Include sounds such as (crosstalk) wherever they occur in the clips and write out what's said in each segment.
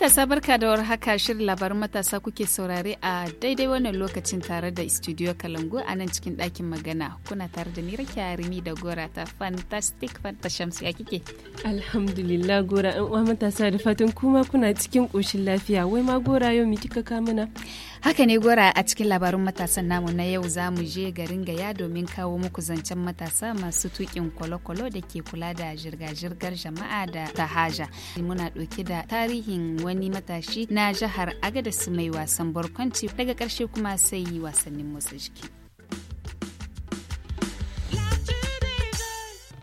Matasa barka da haka shirin labarin matasa kuke saurare a daidai wannan lokacin tare da studio Kalangu a nan cikin ɗakin magana. Kuna tare da nira Rakiya da Gora ta Fantastic Fanta Shamsu ya kike? Alhamdulillah Gora an uwa matasa da fatan kuma kuna cikin ƙoshin lafiya. Wai ma Gora yau mi kika kamuna? Haka ne gora a cikin labarin matasan namu na yau za mu je garin gaya domin kawo muku zancen matasa masu tukin kwalokwalo da ke kula da jirga-jirgar jama'a da tahaja. Muna ɗauke da tarihin wani matashi na jihar Agadez mai wasan barkwanci daga ƙarshe kuma sai wasannin motsa jiki.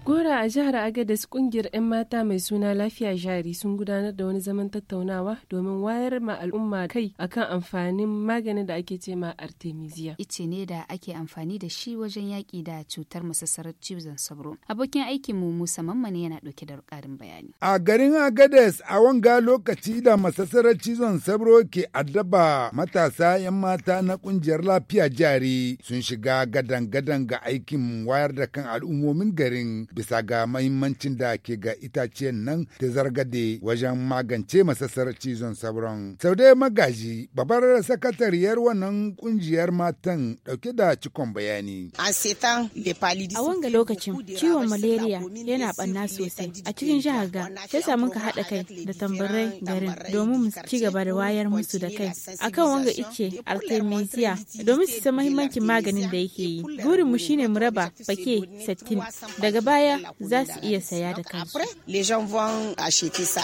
Gora a jihar Agadez kungiyar 'yan mata mai suna lafiya jari sun gudanar da wani zaman tattaunawa domin wayar ma al'umma kai akan amfanin maganin da ake ce ma Artemisia. Ice ne da ake amfani da shi wajen yaƙi da cutar masassarar cizon sauro. Abokin aikin mu Musa Mamman yana ɗauke da ƙarin bayani. A garin Agadez a wanga lokaci da masassarar cizon sauro ke addaba matasa 'yan mata na kungiyar lafiya jari sun shiga gadan-gadan ga aikin wayar da kan al'ummomin garin bisa ga mahimmancin da ke ga itace nan ta zargade wajen magance masasar cizon sauron. Saude Magaji, babbar sakatariyar wannan kungiyar matan dauke da cikon bayani. A wanga lokacin ciwon malaria yana banna sosai a cikin jihar ga sai samu ka haɗa kai da tambarai garin domin mu ci gaba da wayar musu da kai akan wanga ice artemisia domin su san mahimmancin maganin da yake yi. Burin mu shine mu raba fake 60 daga baya kaya za su iya saya da kansu.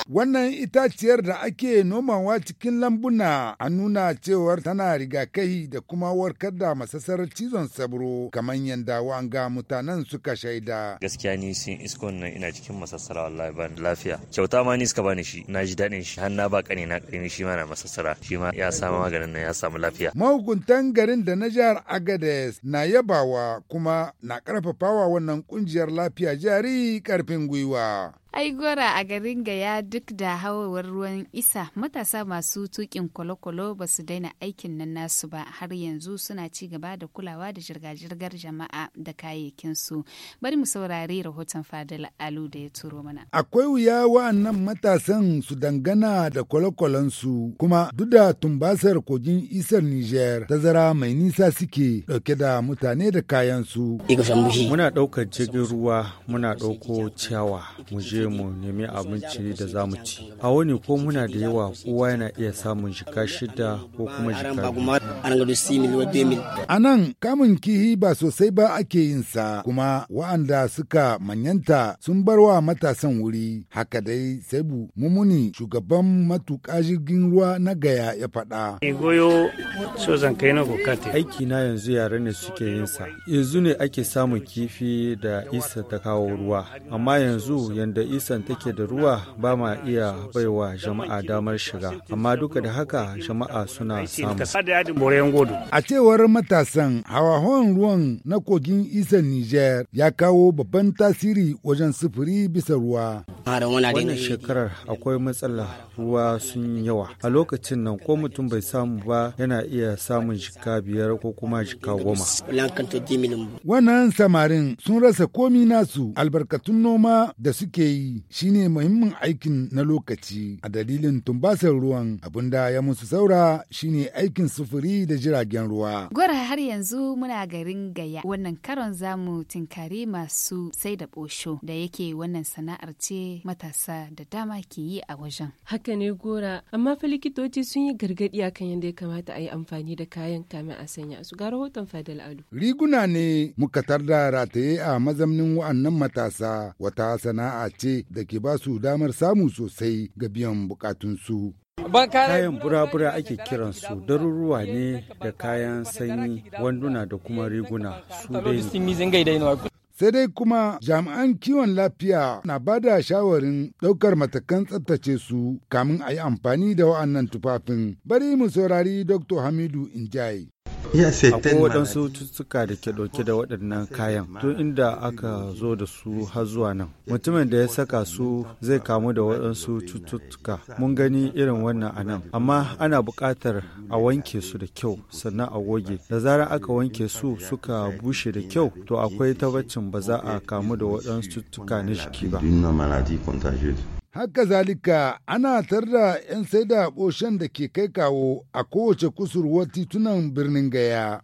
Wannan itaciyar da ake nomawa cikin lambuna a nuna cewar tana rigakahi da kuma warkar da masasar cizon sabro kamar yadda wanga mutanen suka shaida. Gaskiya ni sun iskon nan ina cikin masassara wallahi ban lafiya. Kyauta ma ni suka bani shi na ji daɗin shi har na ba ƙani na ƙani shi ma na masassara shi ma ya samu maganin nan ya samu lafiya. Mahukuntan garin da na jihar Agades na yabawa kuma na ƙarfafawa wannan ƙungiyar lafiya jari ƙarfin gwiwa. Ai gora a garin gaya duk da hawawar ruwan isa matasa masu tukin kwalokwalo ba su daina aikin nan nasu ba har yanzu suna ci gaba da kulawa da jirga-jirgar jama'a da kayayyakin su Bari mu saurari rahoton Fadil Alu da ya turo mana. Akwai wuya wa'annan matasan su dangana da su kuma duk da tumbasar kogin isar Niger tazara mai nisa suke dauke da mutane da kayan su. Muna ɗaukar jirgin ruwa muna ɗauko ciyawa mu je je mu nemi abinci da za ci a wani ko muna da yawa kowa yana iya samun jika shida ko kuma jika a nan kamun kihi ba sosai ba ake yin sa kuma wa'anda suka manyanta sun bar wa matasan wuri haka dai saibu mumuni shugaban matuƙa jirgin ruwa na gaya ya faɗa aiki na yanzu yare ne suke yin yanzu ne ake samun kifi da isa ta kawo ruwa amma yanzu yanda isan take da ruwa ba ma iya baiwa jama'a damar shiga amma duka da haka jama'a suna samu a cewar matasan hawa-hawan ruwan na kogin isan niger ya kawo babban tasiri wajen sufuri bisa ruwa wannan shekarar akwai matsala ruwa sun yawa a lokacin nan ko mutum bai samu ba yana iya samun jika biyar ko kuma jika goma wannan samarin sun rasa komi nasu albarkatun noma da suke yi yi ne muhimmin aikin na lokaci a dalilin tumbasar ruwan abinda ya musu saura shine aikin sufuri da jiragen ruwa. Gwara har yanzu muna garin gaya wannan karon zamu tinkari masu sai da bosho da yake wannan sana'ar ce matasa da dama ke yi a wajen. Haka ne gora amma fa likitoci sun yi gargaɗi kan yadda ya kamata a yi amfani da kayan kamin a sanya su ga rahoton Fadal Alu. Riguna ne muka tarda rataye a mazamnin wa'annan matasa wata sana'a ce da ke ba su damar samu sosai ga biyan bukatunsu. kayan burabura ake kiransu daruruwa ne da kayan sanyi wanduna da kuma riguna su sai dai kuma jami'an kiwon lafiya na ba da shawarin ɗaukar matakan tsabtace su kamin a yi amfani da wa'annan tufafin bari mu saurari dr hamidu injai akwai waɗansu cututtuka da ke ɗauke da waɗannan kayan tun inda aka zo da su har zuwa nan mutumin da ya saka su zai kamu da waɗansu cututtuka mun gani irin wannan a nan amma ana buƙatar a wanke su da kyau sannan a goge da zarar aka wanke su suka bushe da kyau to akwai tabbacin ba za a kamu da waɗansu cututtuka na jiki ba Haka zalika ana tarda 'yan saida ƙoshen da ke kai kawo a kowace kusurwar titunan birnin Gaya.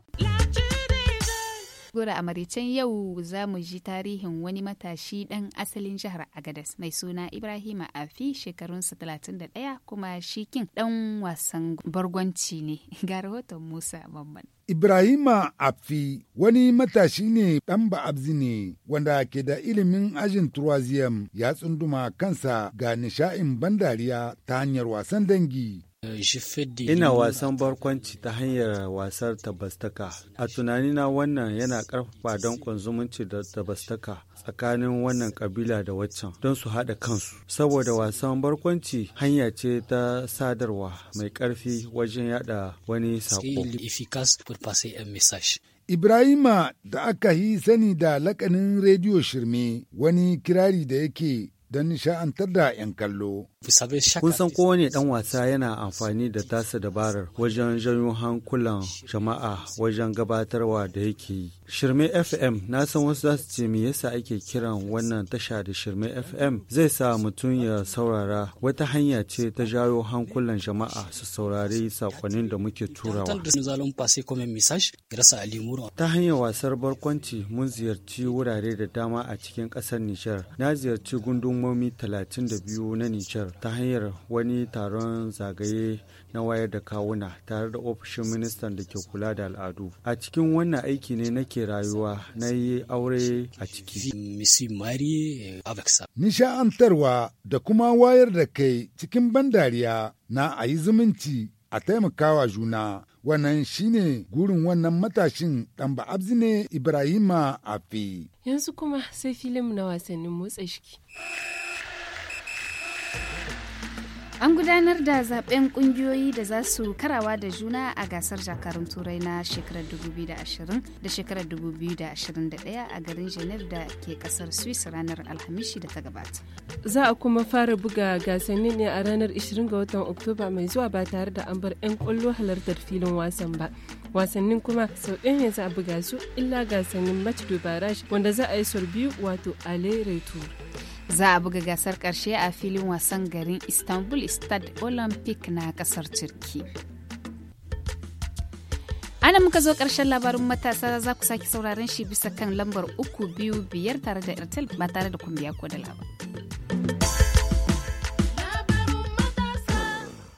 gora a maricen yau za mu ji tarihin wani matashi ɗan asalin jihar Agadas mai suna ibrahim Afi shekarunsa 31 kuma shikin ɗan wasan bargwanci ne (laughs) ga rahoton Musa Mamman. Ibrahima Afi wani matashi ne ɗan ba'abzi ne wanda ke da ilimin ajin Turwaziyam ya tsunduma kansa ga nisha'in dariya ta hanyar wasan dangi Ina wasan barkwanci ta hanyar wasar tabastaka. A tunanina wannan yana ƙarfafa danƙon zumunci da tabastaka tsakanin wannan kabila da waccan don su haɗa kansu. Saboda wasan barkwanci hanya ce ta sadarwa mai ƙarfi wajen yada wani saƙo. Ibrahima da aka yi sani da lakanin rediyo shirme wani kirari da yake don nisha'antar da 'yan kallo. kunsan kowane ɗan wasa yana amfani da tasa dabarar wajen janyo hankulan jama'a wajen gabatarwa da yake yi. Shirme FM na san wasu za su ce me yasa ake kiran wannan tasha da Shirme FM zai sa mutum ya saurara wata hanya ce ta jawo hankulan jama'a su saurari sakonnin da muke turawa. Ta hanyar wasar barkwanci mun ziyarci wurare da dama a cikin ƙasar Nijar. Na ziyarci gundumomi biyu na Nijar ta hanyar wani taron zagaye na wayar da kawuna tare da ofishin ministan da ke kula da al'adu. A cikin wannan aiki ne nake rayuwa na yi aure a ciki. Euh, Nishaantarwa da kuma wayar da kai cikin bandariya na a yi zumunci a taimakawa juna. wannan shine gurin wannan matashin dan ba'abzi ne ibrahima afi yanzu kuma sai filim na wasannin motsa shiki An gudanar da zaben kungiyoyi da za su karawa da juna a gasar jakarun turai na shekarar 2020 da shekarar 2021 a garin Janar da ke kasar Swiss ranar Alhamishi da ta gabata. Za a kuma fara buga gasanni ne a ranar 20 ga watan Oktoba mai zuwa ba tare da an bar 'yan kwallo halartar filin wasan ba. Wasannin kuma sau ɗaya ne za a buga su illa gasannin match Dubarash wanda za a yi sau biyu wato ale retour. za a buga gasar ƙarshe a filin wasan garin istanbul stad olympic na kasar turki ana muka zo ƙarshen labarin matasa za ku sake sauraron shi bisa kan lambar uku biyu biyar tare da irtel ba tare da kumbiya ko da labar